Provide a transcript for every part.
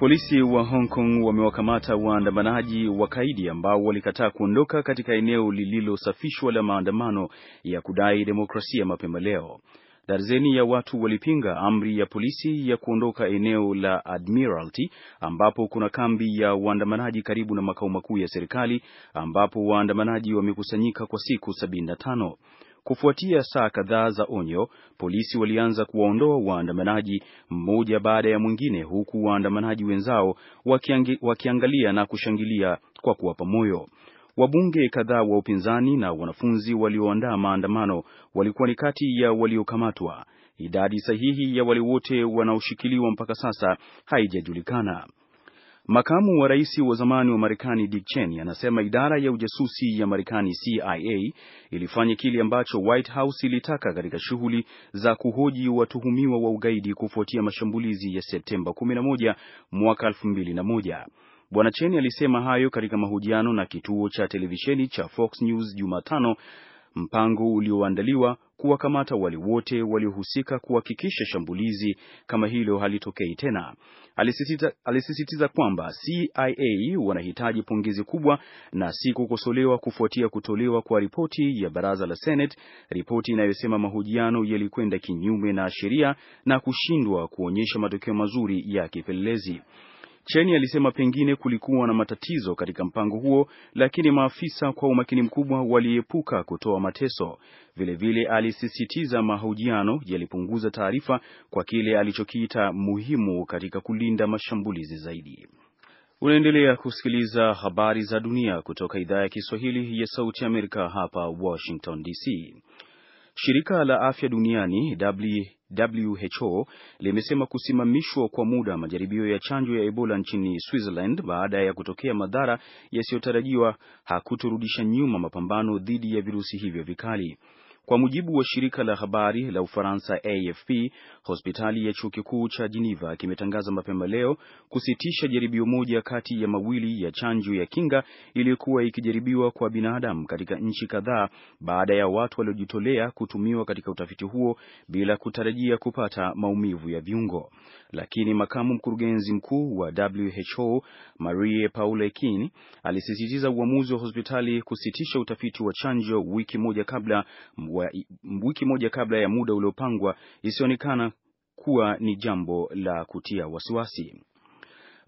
Polisi wa Hong Kong wamewakamata waandamanaji wa kaidi ambao walikataa kuondoka katika eneo lililosafishwa la maandamano ya kudai demokrasia mapema leo. Darzeni ya watu walipinga amri ya polisi ya kuondoka eneo la Admiralty ambapo kuna kambi ya waandamanaji karibu na makao makuu ya serikali ambapo waandamanaji wamekusanyika kwa siku 75. Kufuatia saa kadhaa za onyo, polisi walianza kuwaondoa waandamanaji mmoja baada ya mwingine, huku waandamanaji wenzao wakiangi, wakiangalia na kushangilia kwa kuwapa moyo. Wabunge kadhaa wa upinzani na wanafunzi walioandaa maandamano walikuwa ni kati ya waliokamatwa. Idadi sahihi ya wale wote wanaoshikiliwa mpaka sasa haijajulikana. Makamu wa rais wa zamani wa Marekani Dick Cheney anasema idara ya ujasusi ya Marekani CIA ilifanya kile ambacho White House ilitaka katika shughuli za kuhoji watuhumiwa wa ugaidi kufuatia mashambulizi ya Septemba 11 mwaka 2001. Bwana Cheney alisema hayo katika mahojiano na kituo cha televisheni cha Fox News Jumatano mpango ulioandaliwa kuwakamata wale wote waliohusika kuhakikisha shambulizi kama hilo halitokei tena. Alisisitiza, alisisitiza kwamba CIA wanahitaji pongezi kubwa na si kukosolewa kufuatia kutolewa kwa ripoti ya baraza la Senate, ripoti inayosema mahojiano yalikwenda kinyume na sheria na kushindwa kuonyesha matokeo mazuri ya kipelelezi. Cheni alisema pengine kulikuwa na matatizo katika mpango huo, lakini maafisa kwa umakini mkubwa waliepuka kutoa mateso. Vilevile alisisitiza mahojiano yalipunguza taarifa kwa kile alichokiita muhimu katika kulinda mashambulizi zaidi. Unaendelea kusikiliza habari za dunia kutoka idhaa ya Kiswahili ya Sauti ya Amerika hapa Washington DC. Shirika la Afya Duniani WHO limesema kusimamishwa kwa muda majaribio ya chanjo ya Ebola nchini Switzerland baada ya kutokea madhara yasiyotarajiwa hakuturudisha nyuma mapambano dhidi ya virusi hivyo vikali. Kwa mujibu wa shirika la habari la Ufaransa AFP, hospitali ya chuo kikuu cha Geneva kimetangaza mapema leo kusitisha jaribio moja kati ya mawili ya chanjo ya kinga iliyokuwa ikijaribiwa kwa binadamu katika nchi kadhaa baada ya watu waliojitolea kutumiwa katika utafiti huo bila kutarajia kupata maumivu ya viungo. Lakini makamu mkurugenzi mkuu wa WHO Marie Paule Kin alisisitiza uamuzi wa hospitali kusitisha utafiti wa chanjo wiki moja kabla wa wiki moja kabla ya muda uliopangwa isionekana kuwa ni jambo la kutia wasiwasi.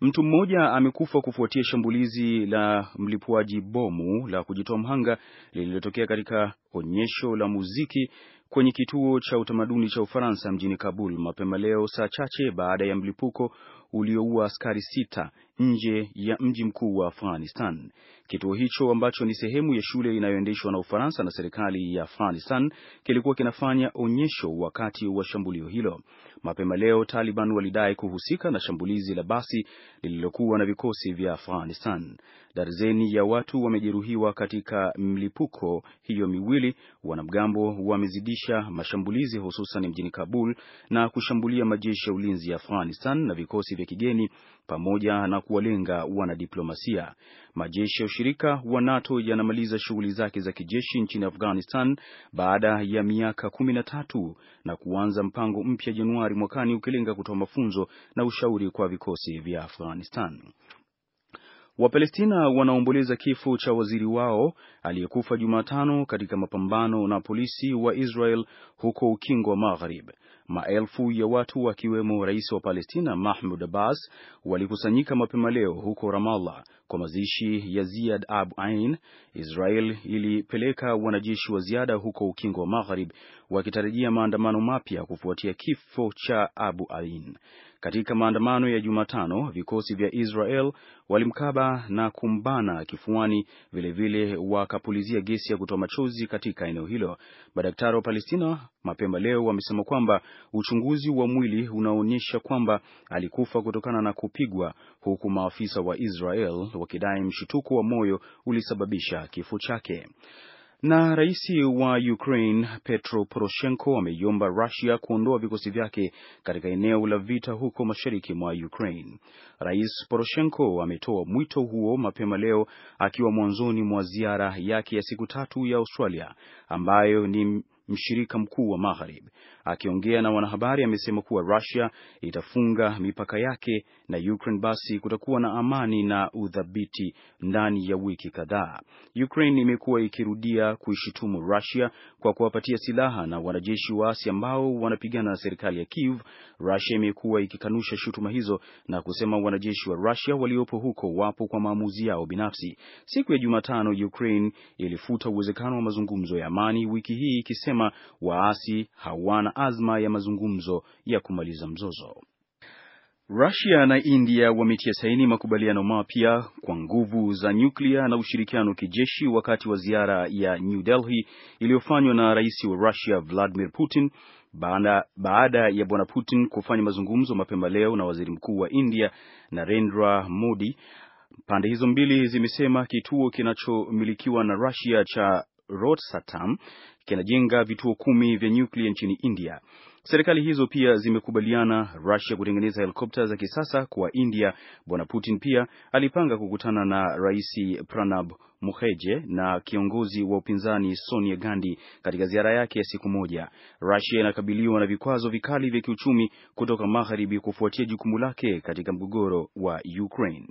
Mtu mmoja amekufa kufuatia shambulizi la mlipuaji bomu la kujitoa mhanga lililotokea katika onyesho la muziki kwenye kituo cha utamaduni cha Ufaransa mjini Kabul mapema leo, saa chache baada ya mlipuko ulioua askari sita nje ya mji mkuu wa Afghanistan. Kituo hicho ambacho ni sehemu ya shule inayoendeshwa na Ufaransa na serikali ya Afghanistan kilikuwa kinafanya onyesho wakati wa shambulio hilo. Mapema leo, Taliban walidai kuhusika na shambulizi la basi lililokuwa na vikosi vya Afghanistan. Darzeni ya watu wamejeruhiwa katika mlipuko hiyo miwili. Wanamgambo wamezidisha mashambulizi hususan mjini Kabul na kushambulia majeshi ya ulinzi ya Afghanistan na vikosi vya kigeni pamoja na kuwalenga wanadiplomasia. Majeshi ya ushirika wa NATO yanamaliza shughuli zake za kijeshi nchini Afghanistan baada ya miaka kumi na tatu na kuanza mpango mpya Januari mwakani ukilenga kutoa mafunzo na ushauri kwa vikosi vya Afghanistan. Wapalestina wanaomboleza kifo cha waziri wao aliyekufa Jumatano katika mapambano na polisi wa Israel huko Ukingo wa Magharibi. Maelfu ya watu wakiwemo rais wa Palestina Mahmud Abbas walikusanyika mapema leo huko Ramallah kwa mazishi ya Ziad Abu Ain. Israel ilipeleka wanajeshi wa ziada huko Ukingo wa Magharib wakitarajia maandamano mapya kufuatia kifo cha Abu Ain. Katika maandamano ya Jumatano, vikosi vya Israel walimkaba na kumbana kifuani, vilevile wakapulizia gesi ya kutoa machozi katika eneo hilo. Madaktari wa Palestina mapema leo wamesema kwamba Uchunguzi wa mwili unaonyesha kwamba alikufa kutokana na kupigwa, huku maafisa wa Israel wakidai mshituko wa moyo ulisababisha kifo chake. Na rais wa Ukraine Petro Poroshenko ameiomba Russia kuondoa vikosi vyake katika eneo la vita huko mashariki mwa Ukraine. Rais Poroshenko ametoa mwito huo mapema leo akiwa mwanzoni mwa ziara yake ya siku tatu ya Australia ambayo ni mshirika mkuu wa Magharibi. Akiongea na wanahabari, amesema kuwa Russia itafunga mipaka yake na Ukraine, basi kutakuwa na amani na udhabiti ndani ya wiki kadhaa. Ukraine imekuwa ikirudia kuishutumu Russia kwa kuwapatia silaha na wanajeshi waasi ambao wanapigana na serikali ya Kiev. Russia imekuwa ikikanusha shutuma hizo na kusema wanajeshi wa Russia waliopo huko wapo kwa maamuzi yao binafsi. Siku ya Jumatano, Ukraine ilifuta uwezekano wa mazungumzo ya amani wiki hii ikisema waasi hawana azma ya mazungumzo ya kumaliza mzozo. Rusia na India wametia saini makubaliano mapya kwa nguvu za nyuklia na ushirikiano wa kijeshi wakati wa ziara ya New Delhi iliyofanywa na Rais wa Russia Vladimir Putin baada, baada ya Bwana Putin kufanya mazungumzo mapema leo na Waziri Mkuu wa India Narendra Modi. Pande hizo mbili zimesema kituo kinachomilikiwa na rusia cha Rotsatam kinajenga vituo kumi vya nyuklia nchini India. Serikali hizo pia zimekubaliana Russia kutengeneza helikopta za kisasa kwa India. Bwana Putin pia alipanga kukutana na Rais Pranab Mukherjee na kiongozi wa upinzani Sonia Gandhi katika ziara yake ya siku moja. Russia inakabiliwa na vikwazo vikali vya kiuchumi kutoka magharibi kufuatia jukumu lake katika mgogoro wa Ukraine.